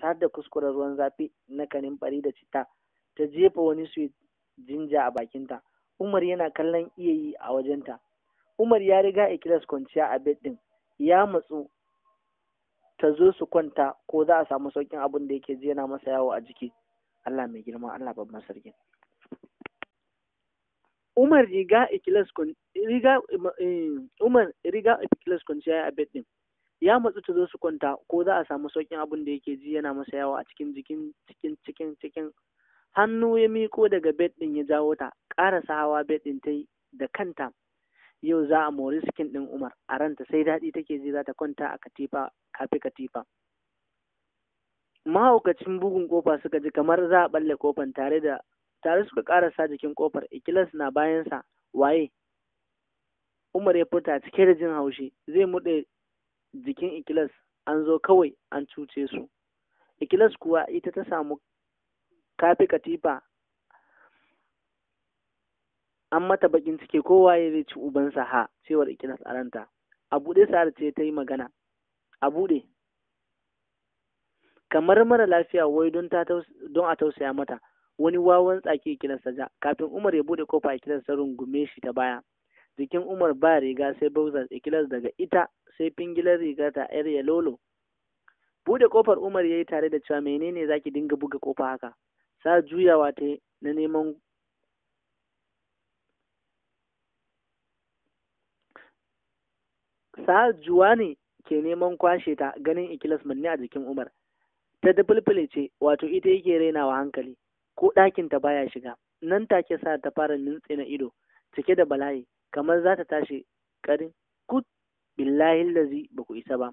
cikinsa da kuskure ruwan zafi na kanin fari da citta ta jefa wani sweet jinja a bakinta umar yana kallon iya yi a wajenta umar ya riga ikilas kwanciya a bed din ya matsu ta zo su kwanta ko za a samu saukin abin da yake ji yana masa yawo a jiki allah mai girma allah babban sarki umar riga a eh, umar riga ikilas kwanciya a bed din ya matsu ta zo su kwanta ko za a samu sauƙin abin da yake ji yana masa yawa a cikin jikin cikin cikin cikin hannu ya miko daga bed ɗin ya jawo ta ƙarasa hawa bed din ta da kanta yau za a mori sikin ɗin, Umar a ranta sai daɗi take ji za ta kwanta a katifa kafi katifa mahaukacin bugun kofa suka ji kamar za a balle kofan tare da tare suka ƙarasa jikin kofar ikilas na bayansa waye Umar ya furta cike da jin haushi zai muɗe jikin ikilas an zo kawai an cuce su ikilas kuwa ita ta samu kafi katifa an mata bakin cike kowa ya zai ci ubansa ha cewar ikilas a ranta a buɗe sa'ar ce ta yi magana a buɗe kamar mara lafiya wai don a tausaya mata wani wawan tsaki ikilas ta ja kafin umar ya buɗe kofa ikilas ta rungume shi ta baya jikin umar ba riga sai bauzar ikilas daga ita sai fingilar rigarta yar yalolo bude kofar umar ya yi tare da cewa menene zaki dinga buga kofa haka sa juyawa ta na neman sa juwa ne ke neman kwashe ta ganin ikilas manne a jikin umar ta fulfule ce wato ita yake rainawa hankali ko ta baya shiga nan take sa ta fara nutse na ido cike da bala'i kamar za ta tashi ƙarin billahi lazi ba ku isa ba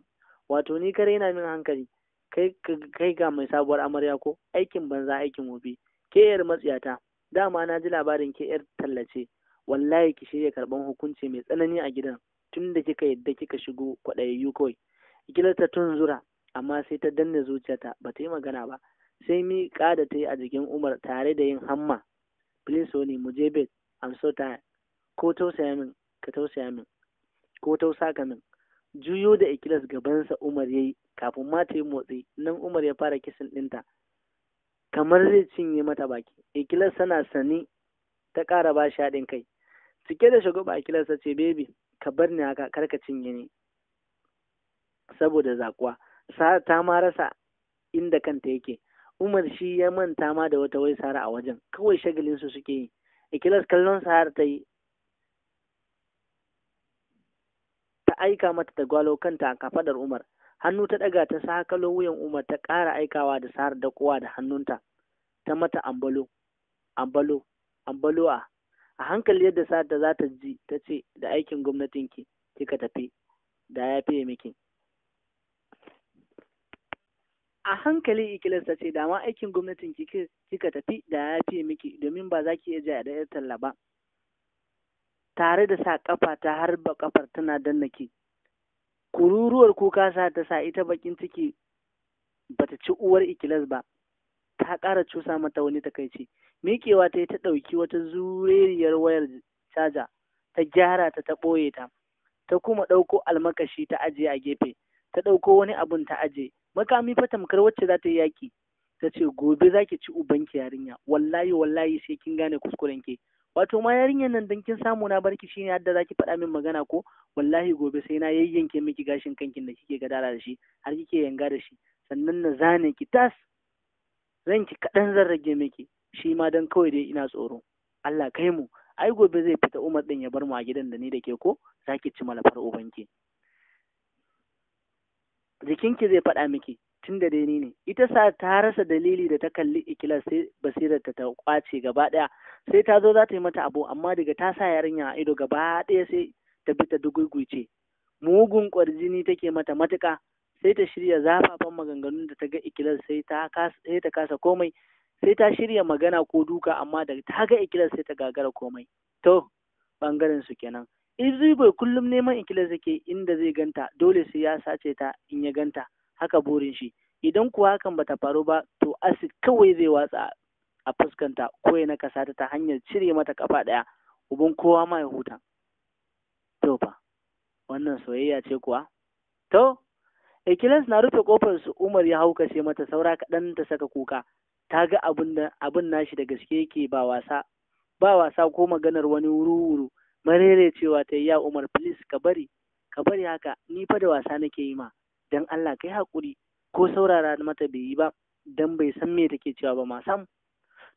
wato ni kare yana min hankali kai kai ga mai sabuwar amarya ko aikin banza aikin wobi ke yar matsiyata dama na ji labarin ke yar tallace wallahi ki shirya karban hukunci mai tsanani a gidan tun da kika yadda kika shigo kwaɗayayyu kawai ta tun zura amma sai ta danne zuciyata ba ta yi magana ba sai mi da ta yi a jikin umar tare da yin hamma please sony mu je bed i'm ko tausaya min ka tausaya min ko tausa ka min juyo da ikilas gabansa umar ya yi kafin mata ta yi motsi nan umar ya fara kisan ɗinta kamar zai cinye mata baki ikilas tana sani ta ƙara ba shi haɗin kai cike da shagwaba ikilas ta ce bebi ka bar ni haka kar ka cinye ni saboda zakuwa ta ma rasa inda kanta yake umar shi ya manta ma da wata wai sara a wajen kawai shagalin su suke yi ikilas kallon sahar ta yi aika mata ta gwalo kanta a kafadar Umar hannu ta daga ta kalon wuyan Umar ta ƙara aikawa da sahar da kowa da hannunta ta mata ambalo ambalo ambalo a a hankali yadda sahar ta za ta ji ta ce da aikin gwamnatinki kika tafi da ya fiye miki a hankali ikilas ta ce dama aikin gwamnatin kika tafi da ya fiye miki domin ba za ki iya ja da yar talla ba tare da sa ƙafa ta har ba ƙafar tana dannake kururuwar kuka sa ta sa ita bakin ciki ba ta ci uwar ikilas ba ta ƙara cusa mata wani takaici miƙewa ta yi ta ɗauki wata zuriyar wayar caja ta gyara ta ta ɓoye ta ta kuma ɗauko almakashi ta ajiye a gefe ta ɗauko wani abun ta ajiye makami fa tamkar wacce za ta yi yaƙi ta ce gobe za ki ci ubanki yarinya wallahi wallahi sai kin gane kuskuren ke wato ma yarinyar nan dan kin samu na barki shine yadda zaki faɗa min magana ko wallahi gobe sai na yayyanke miki gashin kankin da kike gadara da shi har kike yanga da shi sannan na zane ki tas ranki kaɗan zan rage miki shi ma dan kawai dai ina tsoro Allah kai mu ai gobe zai fita Umar ɗin ya bar mu a gidan da ni da ke ko zaki ci malafar ubanki jikinki zai faɗa miki tun da dai ni ne ita sa ta rasa dalili da ta kalli ikilas sai basirar ta ta kwace gaba daya sai ta zo za ta yi mata abu amma daga ta sa yarinya a ido gaba daya sai ta bi ta dugugwice mugun kwarjini take mata matuka sai ta shirya zafafan maganganun da ta ga ikilas sai ta kasa komai sai ta shirya magana ko duka amma da ta ga ikilas sai ta gagara komai to bangaren su kenan Izri bai kullum neman ikilas yake inda zai ganta dole sai ya sace ta in ya ganta haka burin shi idan kuwa hakan bata faru ba to asid kawai zai watsa a fuskanta ko na nakasa ta hanyar cire mata kafa ɗaya uban kowa ma ya huta to fa wannan soyayya ce kuwa to ikilas na rufe kofar su umar ya haukace mata saura kaɗan ta saka kuka ta ga abin nashi da gaske yake ba wasa ba wasa ko maganar wani wuru-wuru marere cewa ta ya umar please ka bari ka bari haka ni fa da wasa nake yi ma dan Allah kai haƙuri ko saurara mata bai yi ba dan bai san me take cewa ba ma sam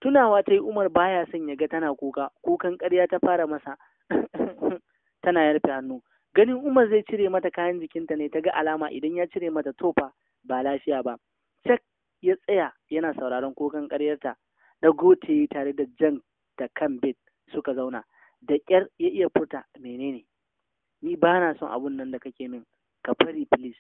tunawa ta yi Umar baya son ya ga tana kuka kukan ƙarya ta fara masa tana yarfe hannu ganin Umar zai cire mata kayan jikinta ne ta ga alama idan ya cire mata tofa ba lafiya ba cak ya tsaya yana sauraron kukan ƙaryarta da gote tare da jan da kan bit suka zauna da ƙyar ya iya furta menene ni ba na son abun nan da kake min ka fari please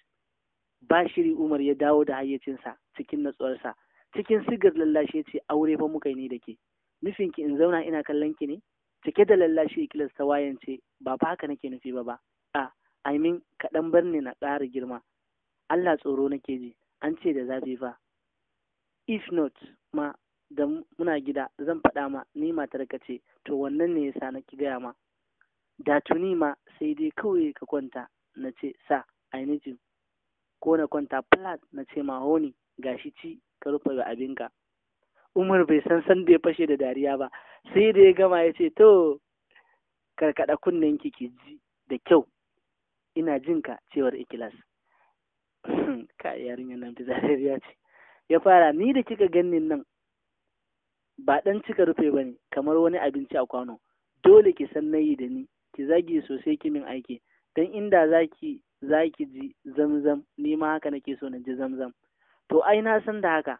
bashiri umar ya dawo da hayyacinsa cikin natsuwarsa cikin sigar lallashi ya ce aure fa muka yi ne da ke nufinki in zauna ina kallon ki ne cike da lallashi ikilas ta ce, ba fa haka nake nufi ba ba a i mean kaɗan bar ni na ƙara girma Allah tsoro nake ji an ce da zafi fa if not ma da muna gida zan faɗa ma ni matar ka ce to wannan ne yasa na ki gaya ma da tuni ma sai dai kawai ka kwanta na ce sa i need you ko na kwanta flat na ce mahoni gashi ci ka rufe ga abinka umar bai san san da ya fashe da dariya ba sai da ya gama ya ce to karkada kunnen ki ki ji da kyau ina jinka cewar ikilas ka yarinyar nan ta dariya ce ya fara ni da kika ganin nan ba dan cika rufe ba ne kamar wani abinci a kwano dole ki san nayi da ni ki zagi sosai kimin aiki dan inda zaki za ki ji zamzam ni ma haka nake so na ji zamzam to ai na san da haka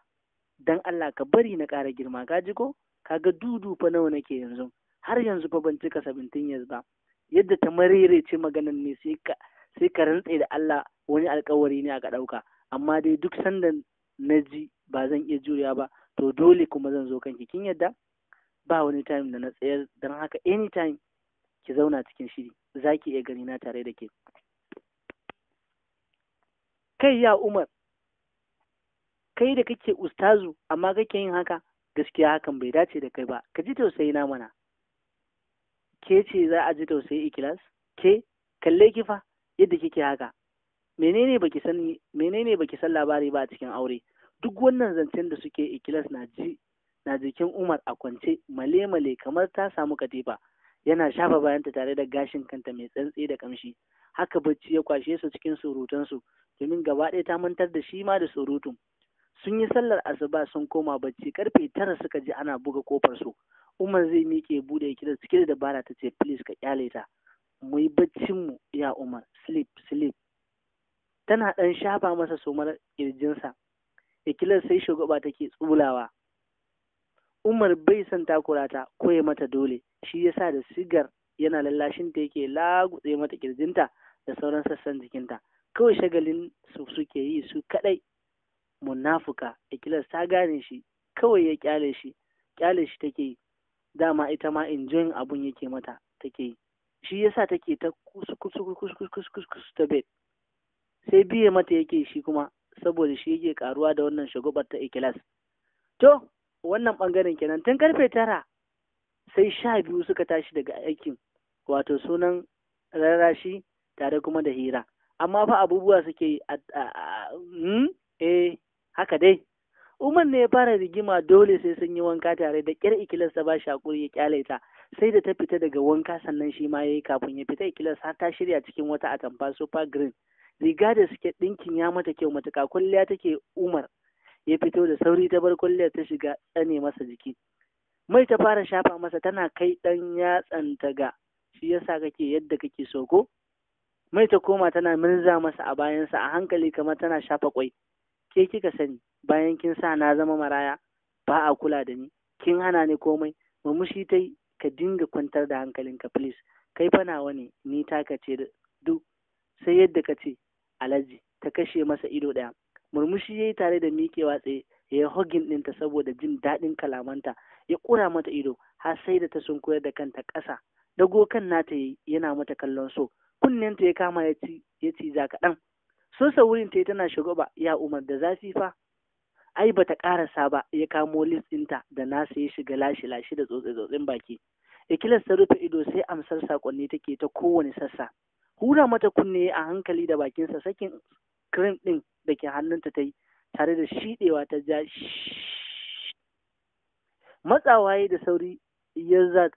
dan Allah ka bari na ƙara girma ka ji ko kaga dudu fa nawa nake yanzu har yanzu fa ban cika 17 years ba yadda ta marirece maganan ne sai ka sai ka rantse da Allah wani alkawari ne aka ɗauka amma dai duk sanda na ji ba zan iya juriya ba to dole kuma zan zo kanki kin yadda ba wani time da na tsayar don haka anytime ki zauna cikin shiri za ki iya gani na tare da ke kai ya umar kai da kake ustazu amma kake yin haka gaskiya hakan bai dace da kai ba ka ji tausayi na mana ke ce za a ji tausayi ikilas ke kalle ki yadda kike haka menene baki san san labari ba a cikin aure duk wannan zancen da suke ikilas na na jikin Umar a kwance male-male kamar ta samu katifa yana shafa bayanta tare da gashin kanta mai tsantsi da kamshi haka bacci ya kwashe su cikin surutansu domin gaba ɗaya ta mantar da shi ma da surutun sun yi sallar asuba sun koma bacci karfe tara suka ji ana buga kofar su umar zai miƙe bude ya kira cike da dabara ta ce please ka kyale ta mu yi baccin mu ya umar sleep sleep tana ɗan shafa masa somar kirjinsa ikilar sai shugaba take tsulawa Umar bai son takura ta ko ya mata dole shi ya sa da sigar yana lallashin ta yake lagutse mata kirjinta da sauran sassan jikinta kawai shagalin su suke yi su kaɗai munafuka ikilas ta gane shi kawai ya kyale shi kyale shi take yi dama ita ma injin abun yake mata take yi shi sa take ta kus ta bed sai biye mata yake shi kuma saboda shi yake karuwa da wannan shagubar ta ikilas to wannan bangaren kenan tun karfe tara sai sha biyu suka tashi daga aikin wato sunan rarrashi tare kuma da hira amma fa abubuwa suke yi hmm? eh haka dai umar ne ya fara rigima dole sai sun yi wanka tare da ƙyar ta ba shakuri ya kyale ta sai da ta fita daga wanka sannan shi ma ya yi kafin ya fita ikilas har ta shirya cikin wata atamfa super green riga da suke ɗinkin ya mata kyau matuka kwalliya take umar sauri ta bar kulliyar ta shiga tsane masa jiki mai ta fara shafa masa tana kai ɗan ta ga shi yasa kake yadda kake so ko mai ta koma tana mirza masa a bayansa a hankali kamar tana shafa kwai ke kika sani bayan kin sa na zama maraya ba a kula da ni kin hana ni komai murmushi ta yi ka dinga kwantar da hankalinka please kai nawa wani ni taka ce duk sai yadda ka ce alaji ta kashe masa ido ɗaya murmushi ya yi tare da miƙewa tsaye ya yi hogin ɗinta saboda jin daɗin kalamanta ya ƙura mata ido har sai da ta sun koyar da kanta ƙasa dago kan nata yana mata kallon so kunnenta ya kama ya ci za ka ɗan kaɗan so saurin ta tana shigo ba ya umar da zafi fa ai bata ƙarasa ba ya kamo lis ɗinta da nasa ya shiga lashe lashe da tsotse tsotsin baki ya ta rufe ido sai amsar sakonni take ta kowane sassa hura mata kunne a hankali da bakinsa sakin krim ɗin da ke hannunta ta yi tare da shiɗewa ta ja matsawa ya da sauri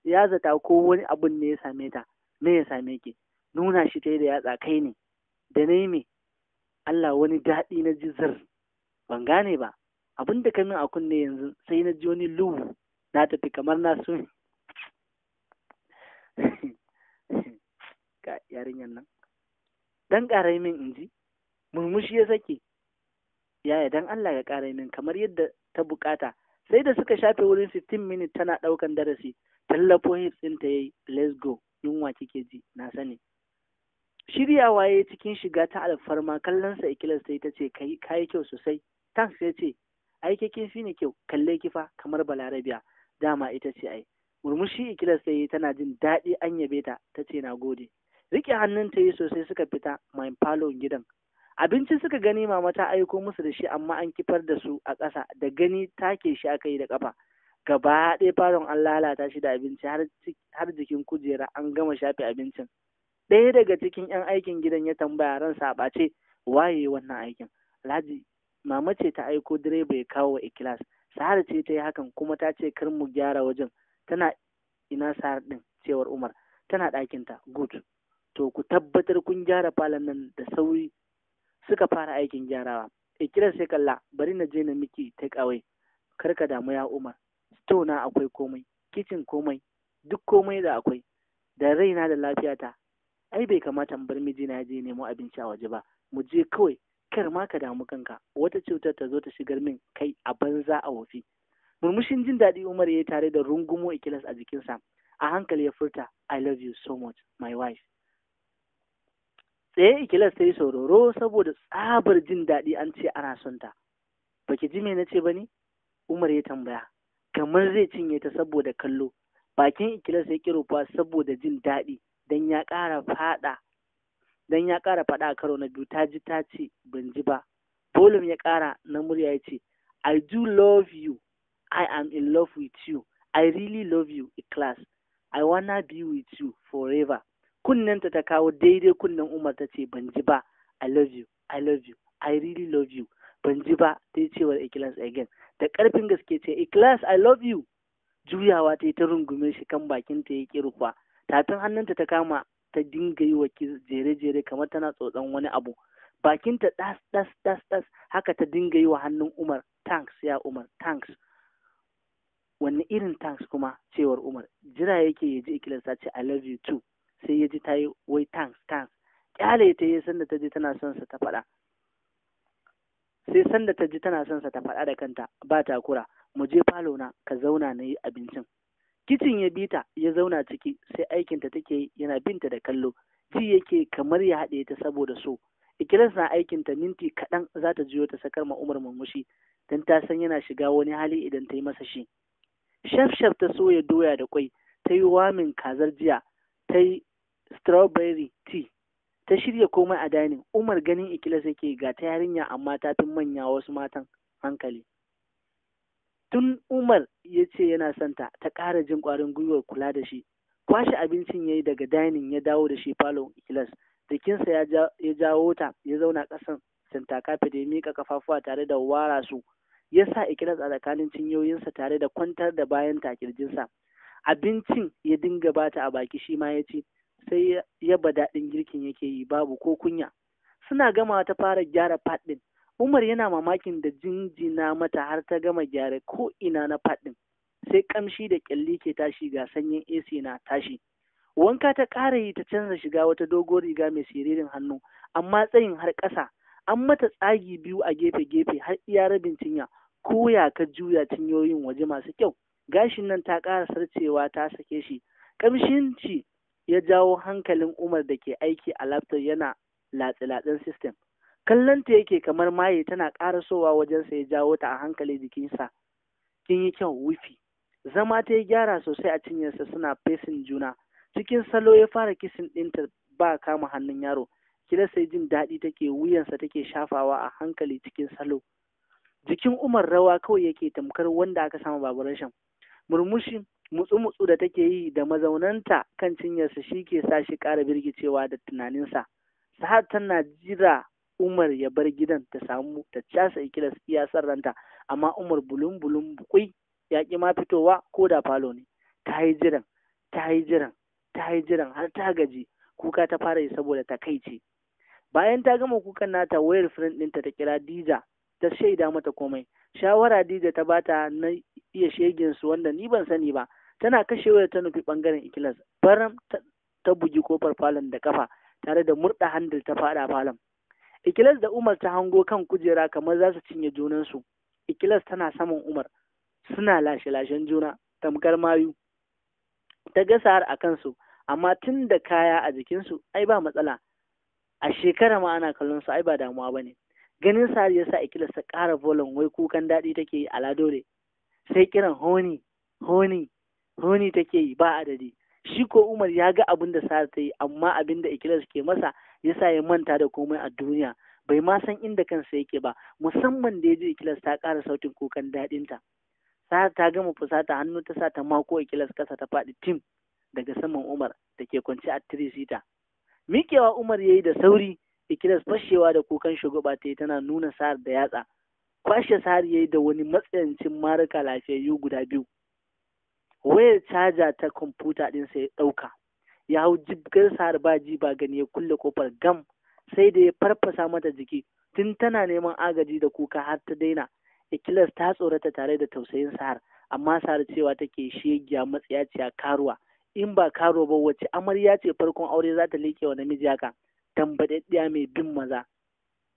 ya zata ko wani abun ne ya same ta me ya same ki nuna shi ta da yatsa kai ne da na yi me Allah wani daɗi na ji zar ban gane ba abin da kamin a kunne yanzu sai na ji wani lubu na tafi kamar na sun ka nan dan ƙarai min in ji murmushi ya sake yaya dan Allah ya ƙara min kamar yadda ta bukata sai da suka shafe wurin 15 minit tana ɗaukan darasi tallafo hit ɗin ta yayi let's go yunwa kike ji na sani shiryawa ya cikin shiga ta alfarma kallon sa ikilas sai ta ce kai kyau sosai tanks ya ce ai ke kin ne kyau kalle kifa kamar balarabiya dama ita ce ai murmushi ikilas sai tana jin daɗi an yabe ta ta ce na gode riƙe hannun ta yi sosai suka fita main falon gidan Abincin suka gani mama ta aiko musu da shi amma an kifar da su a ƙasa da gani take shi aka yi da ƙafa gaba ɗaya faron an lalata shi da abinci har jikin kujera an gama shafe abincin ɗaya daga cikin 'yan aikin gidan ya tambaya ransa a ɓace waye wannan aikin alhaji mama ce ta aiko direba ya kawo wa ikilas sahara ce ta yi hakan kuma ta ce kar mu gyara wajen tana ina sahar ɗin cewar umar tana ɗakinta good to ku tabbatar kun gyara falon nan da sauri suka fara aikin gyarawa Ikilas eh, sai kalla bari na je na miki ta away kar ka damu ya umar sto na akwai komai kicin komai duk komai da akwai da raina da lafiyata ai bai kamata bar miji na je nemo abinci a waje ba mu je kawai kar ma ka damu kanka wata cutar ta zo ta shigar min kai a banza a wofi murmushin jin daɗi umar ya yi tare da rungumo ikilas a jikinsa a hankali ya furta i love you so much my wife tsaye ikilas ta yi sauraro saboda tsabar jin daɗi an ce ana son ta baki ji me na ce ba ni? umar ya tambaya kamar zai cinye ta saboda kallo bakin ikilas ya fa saboda jin daɗi dan ya ƙara faɗa dan ya ƙara faɗa a karo na biyu ta ji ta ce ban ji ba bolum ya ƙara na murya ya ce i do love you i am in love with you i really love you ikilas i wanna be with you forever kunnenta ta kawo daidai kunnen umar ta ce ban ji ba i love you i love you i really love you ban ji ba ta yi cewar ikilas again da karfin gaske ce ikilas i love you juyawa ta yi ta rungume shi kan bakin ta yi kirkwa tatan hannunta ta kama ta dinga yi wa jere-jere kamar tana tsotson wani abu bakinta das das das das haka ta dinga yi wa hannun umar tanks ya umar tanks wanne irin tanks kuma cewar umar jira yake ya ji ikilas ta ce i love you too sai ya ji ta yi wai tanks tanks kyale ta yi sanda ta ji tana son sa ta faɗa sai sanda ta ji tana son sa ta faɗa da kanta ba takura mu je falo na ka zauna na yi abincin kicin ya bita ya zauna ciki sai aikinta take yana binta da kallo ji yake kamar ya haɗe ta saboda so ikilas na aikinta minti kaɗan za ta jiyo ta sakar ma umar murmushi don ta san yana shiga wani hali idan ta yi masa shi shaf shaf ta soya doya da kwai ta yi wamin kazar jiya ta yi strawberry tea ta shirya komai a danin umar ganin ikilas yake ga ta yarinya amma ta fi manya wasu matan hankali tun umar ya ce yana santa ta ƙara jin ƙwarin gwiwar kula da shi kwashe abincin ya yi daga dani ya dawo da shi falo ikilas jikinsa ya jawo ta ya zauna ƙasan santa kafe da ya miƙa kafafuwa tare da wara su ya sa ikilas a tsakanin cinyoyinsa tare da kwantar da bayan takirjinsa abincin ya dinga bata a baki shi ma ya ce. sai yaba daɗin girkin yake yi babu ko kunya suna gama ta fara gyara faɗin umar yana mamakin da jinjina mata har ta gama gyara ko ina na faɗin sai kamshi da ƙyalli ke tashi ga sanyin ac na tashi wanka ta ƙara yi ta canza shiga wata dogon riga mai siririn hannu amma tsayin har ƙasa an mata tsagi biyu a gefe-gefe har iya rabin cinya ko ya ka juya cinyoyin waje masu kyau gashin nan ta ƙara sarcewa ta sake shi ƙamshin ci ya jawo hankalin Umar da ke aiki a laptop yana latsilatsin latsen system. Kallonta yake kamar maye tana ƙarasowa wajensa ya jawo ta a hankali jikinsa. Kin yi kyau wifi. Zama ta yi gyara sosai a cinyarsa suna fesin juna. Cikin salo ya fara kisin ɗinta ba kama hannun yaro. Kila sai jin daɗi take wuyansa take shafawa a hankali cikin salo. Jikin Umar rawa kawai yake tamkar wanda aka sama babu rashin. Murmushi mutsu-mutsu da take yi da mazaunanta kan cinyarsa shi ke sa shi ƙara birgicewa da tunaninsa sahad tana jira umar ya bar gidan ta samu ta casa ikilas iya san ranta amma umar bulun bulun bukwai ya ƙi ma fitowa ko da falo ne ta yi jiran ta yi jiran ta yi jiran har ta gaji kuka ta fara yi saboda ta ce. bayan ta gama kukan nata wayar firin ɗinta ta kira dija ta shaida mata komai shawara dija ta bata na iya shegin su wanda ni ban sani ba tana kashe kashewa ta nufi bangaren ikilas baram ta bugi kofar falon da kafa tare da murda handil ta fada falon ikilas da umar ta hango kan kujera kamar za su cinye junansu ikilas tana saman umar suna lashe-lashen juna tamkar mayu ta gasa har a kansu amma tun da kaya a jikinsu ai ba matsala a shekara ma ana kallon su ai ba damuwa bane ganin sa ya sa ikilas ta ƙara bolon wai kukan daɗi take yi a ladore sai kiran honi honi honi take yi ba adadi shi ko umar ya ga abin da sa ta yi amma abin da ikilas ke masa ya sa ya manta da komai a duniya bai ma san inda kansa yake ba musamman da ya ji ikilas ta ƙara sautin kukan daɗinta sa ta gama fusata hannu ta sa ta mako ikilas kasa ta faɗi tim daga saman umar da ke kwance a tirisita miƙewa umar ya yi da sauri ikilas fashewa da kukan shugaba ta yi tana nuna sa'ar da yatsa kwashe sa'ar ya yi da wani matsayancin marika lafiyayyu guda biyu wayar caja ta kwamfuta sai ya ɗauka ya hau jibgar sa'ar ba ji ba gani ya kulle kofar gam sai da ya farfasa mata jiki tun tana neman agaji da kuka har ta daina ikilas ta tsorata tare da tausayin sa'ar amma sa'ar cewa take shegiya matsiyaciya karuwa in ba karuwa ba wacce amarya ce farkon aure za ta leke wa namiji haka tambadaddiya mai bin maza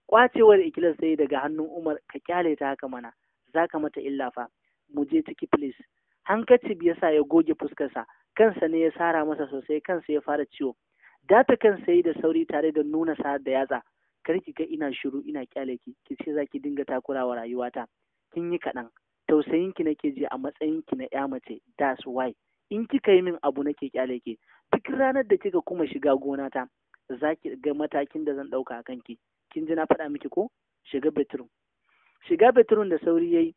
kwacewar ikilas sai daga hannun umar ka kyale ta haka mana za ka mata illa fa mu je ciki please hankacib ya sa ya goge fuskarsa kansa ne ya sara masa sosai kansa ya fara ciwo data kan sai da sauri tare da nuna sa da yatsa kar ki ga ina shiru ina kyale ki ki ce za ki dinga takurawa rayuwata kin yi kaɗan tausayin ki nake ji a matsayin ki na ya mace that's why in kika yi min abu nake kyale ki duk ranar da kika kuma shiga gonata za ki ga matakin da zan ɗauka a kanki kin ji na faɗa miki ko shiga betrun shiga betrun da sauri yayi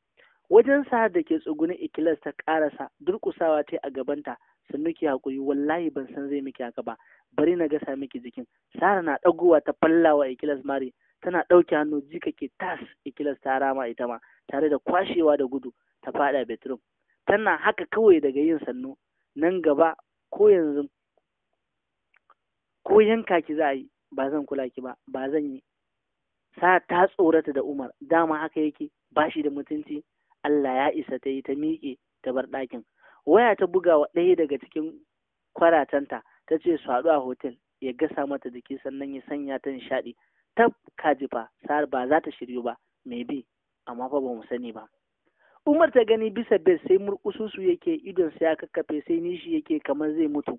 wajen sa da ke tsugune ikilas ta ƙarasa durƙusawa ta a gabanta sannu ki hakuri wallahi ban san zai miki haka ba bari na gasa miki jikin sara na ɗagowa ta fallawa ikilas mari tana ɗauke hannu jika ke tas ikilas ta rama ita ma tare da kwashewa da gudu ta faɗa betrun tana haka kawai daga yin sannu nan gaba ko yanzu ko yanka ki za a yi ba zan kula ki ba ba zan yi sa ta tsorata da Umar dama haka yake ba shi da mutunci Allah ya isa ta yi ta miƙe ta bar ɗakin waya ta buga wa ɗaya daga cikin kwaratanta ta ce su haɗu a hotel ya gasa mata jiki sannan ya sanya ta nishaɗi tab kaji fa sa'ar ba za ta shiryu ba mai bi amma fa ba mu sani ba Umar ta gani bisa bed sai murƙususu yake idon sai ya kakkafe sai nishi yake kamar zai mutu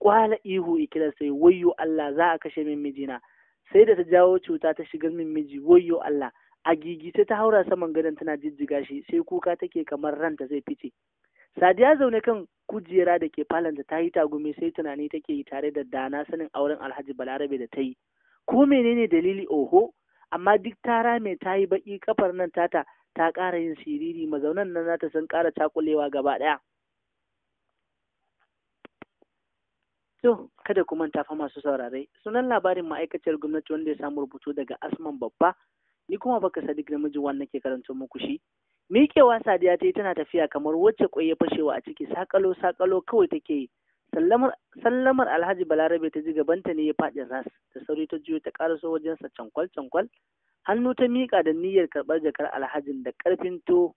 kwala ihu ikila sai wayyo Allah za a kashe min mijina sai da ta jawo cuta ta shiga min miji wayyo Allah a gigice ta haura saman gadon tana jijjiga shi sai kuka take kamar ranta zai fice sadiya zaune kan kujera da ke falonta ta yi tagumi sai tunani take yi tare da dana sanin auren alhaji balarabe da ta yi ko menene dalili oho amma duk ta rame ta yi baki kafar nan tata ta ƙara yin siriri mazaunan nan za ta san ƙara cakulewa gaba ɗaya To, kada ku manta fa masu saurare, sunan labarin ma'aikaciyar gwamnati wanda ya samu rubutu daga Asman Babba, ni kuma baka Sadiq namiji wannan ke karanto muku shi. Miƙewa Sadiya ta yi tana tafiya kamar wacce kwai ya fashewa a ciki sakalo sakalo kawai take yi. Sallamar, Alhaji Balarabe ta ji gabanta ne ya faɗi ras, da sauri ta juyo ta ƙaraso wajensa cankwal cankwal. Hannu ta miƙa da niyyar karɓar jakar Alhajin da ƙarfin to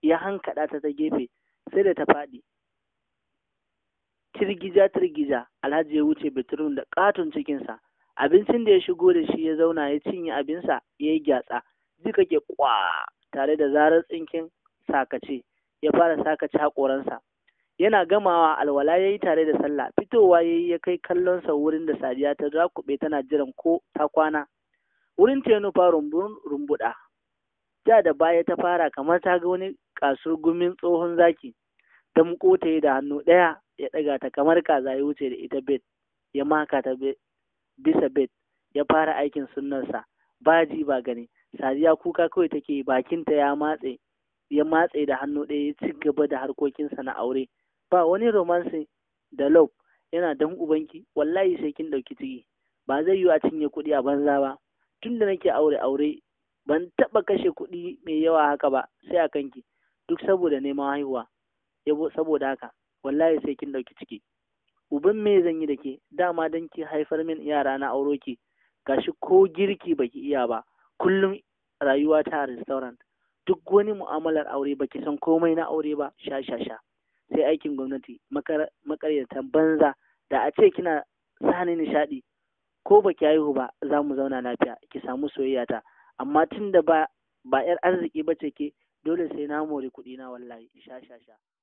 ya hankaɗa ta ta gefe sai da ta faɗi. tirgiza tirgiza alhaji ya wuce bitirun da katon cikinsa abincin da ya shigo da shi ya zauna ya cinye abinsa ya yi gyatsa jika ke kwa tare da zarar tsinkin sakace ya fara sakace haƙoransa yana gamawa alwala ya yi tare da sallah fitowa ya yi ya kai kallonsa wurin da sadiya ta zakuɓe tana jiran ko ta kwana wurin ta nufa rumbuɗa ja da baya ta fara kamar ta ga wani kasur tsohon zaki ta muko ta yi da hannu ɗaya ya ɗaga ta kamar kaza ya wuce da ita bed ya maka ta bisa bed ya fara aikin sunnarsa ba ji ba gani sadiya kuka kawai take bakinta ya matse ya matse da hannu ɗaya ya ci gaba da harkokinsa na aure ba wani romansi da love yana dan ubanki wallahi sai kin ɗauki ciki ba zai yiwu a cinye kuɗi a banza ba tun da nake aure aure ban taɓa kashe kuɗi mai yawa haka ba sai a kanki duk saboda neman haihuwa yabo saboda haka wallahi sai kin dauki ciki uban me zan yi da ke dama dan ki haifar min yara na auro ki gashi ko girki baki iya ba kullum rayuwa ta a restaurant duk wani mu'amalar aure baki san komai na aure ba sha sha sha sai aikin gwamnati makaryata banza da a ce kina sani nishadi. ko baki haihu ba za mu zauna lafiya ki samu soyayya ta amma tunda ba ba yar arziki ba ce ke dole sai na more kuɗi na wallahi sha sha sha